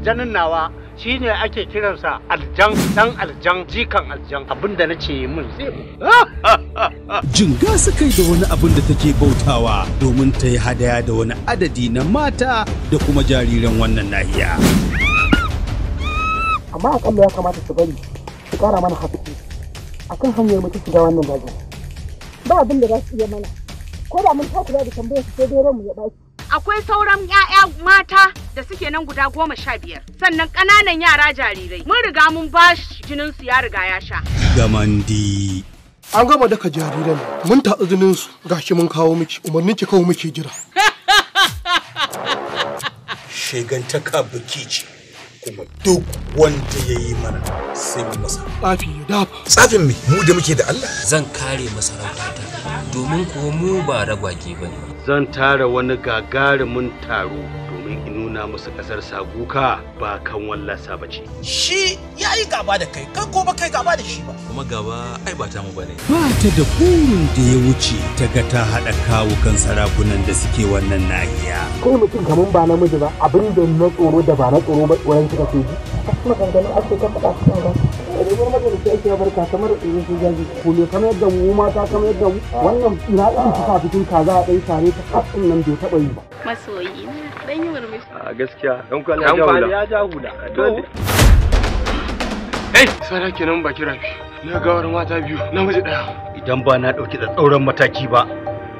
aljanin nawa ne ake kiransa aljan dan aljan jikan aljan abin na nace mun zai su kai da wani abin da take bautawa domin ta yi hadaya da wani adadi na mata da kuma jariran wannan nahiya amma akalla ya kamata su bari su kara mana a akan hanyar mutu shiga wannan dajin ba abin da za su iya mana ko da mun takura da tambayar su sai dai ranmu ya baki akwai sauran 'ya'ya mata da suke nan guda goma sha biyar sannan ƙananan yara jarirai mun riga mun ba jininsu ya riga ya sha gamandi an gama daka jariran mun tatsi jininsu shi mun kawo miki umarnin ki kawo miki jira shegantaka buki ce kuma duk wanda ya yi mana sai mu masa tsafi ya dafa tsafin me mu da muke da Allah zan kare masarautata domin kuwa mu ba ragwage bane zan tara wani gagarumin taro domin in nuna musu ƙasar saguka ba kan wallasa ba ce. Shi ya yi gaba da kai, kan ko ba kai gaba da shi ba. Kuma gaba ai ba ta mu bane. Ba ta da burin da ya wuce ta ga ta haɗa kan sarakunan da suke wannan nahiya. Kai mutum kamar ba namiji ba, abin da na tsoro da ba na tsoro ba tsoron kika ce. ji. Kuma ganganin ake ta faɗa cikin da majalisa ake barka kamar irin su jaji kule kamar yadda mu mata kamar yadda mu wannan ina irin su kafin kaza a ɗai tare ta kafin nan bai taɓa yi ba. Masoyi dan yi murmushi. A gaskiya dan kwali ya jahula. hula. Ei, sara kenan baki rafi. Na gawar mata biyu, namiji daya. Idan ba na dauki da tsauran mataki ba,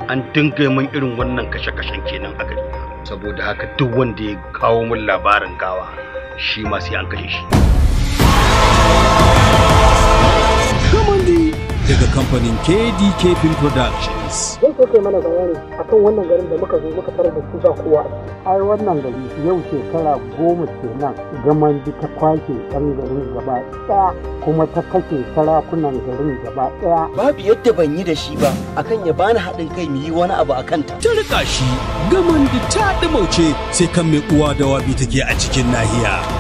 an dinga min irin wannan kashe-kashen kenan a gari. Saboda haka duk wanda ya kawo min labarin gawa, shi ma sai an kashe shi. Kamandi daga kamfanin KDK Film Productions. Zan so kai mana bayani kan wannan garin da muka zo muka fara da kusa kowa. Ai wannan gari yau shekara goma kenan gamandi ta kwace ɗan garin gaba ɗaya kuma ta kashe sarakunan garin gaba ɗaya. Babu yadda ban yi da shi ba akan ya bani haɗin kai mu yi wani abu akan ta. Ta riƙa shi gamandi ta ɗumauce sai kan mai uwa da wabi take a cikin nahiya.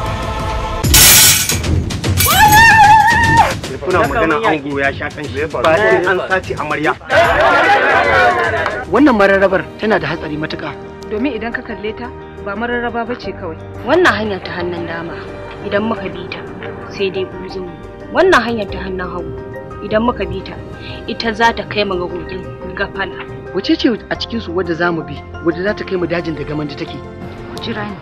kuna magana ango ya sha kanshi bayan an sace amarya wannan mararrabar tana da hatsari matuka domin idan ka kalle ta ba mararraba ba ce kawai wannan hanyar ta hannun dama idan muka bi ta sai dai buzin wannan hanyar ta hannun hagu idan muka bi ta ita za ta kai mu ga gogin gafala wace ce a cikin su wadda za mu bi wadda za ta kai mu dajin da da take ku jira ni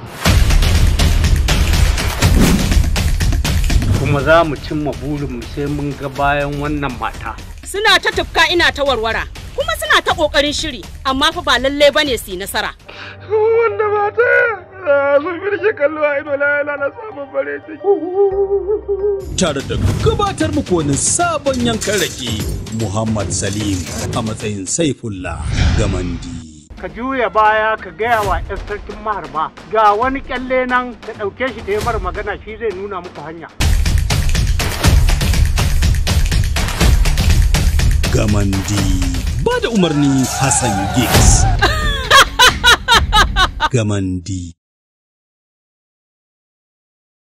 kuma za mu cimma mu, sai mun ga bayan wannan mata. Suna ta tufka ina ta warwara, kuma suna ta ƙoƙarin shiri, amma fa ba lalle ba ne su yi nasara. Wanda mata sun firshi kallo a ido layala na samun bare ciki. Tare da gabatar muku wani sabon yankan rake Muhammad Salim a matsayin Saifullah Gamandi. ka juya baya ka gaya wa 'yan sarkin maharba ga wani kyalle nan ka ɗauke shi ta yi mara magana shi zai nuna muku hanya. Gamandi ba da umarni Hassan Giggs. Gamandi.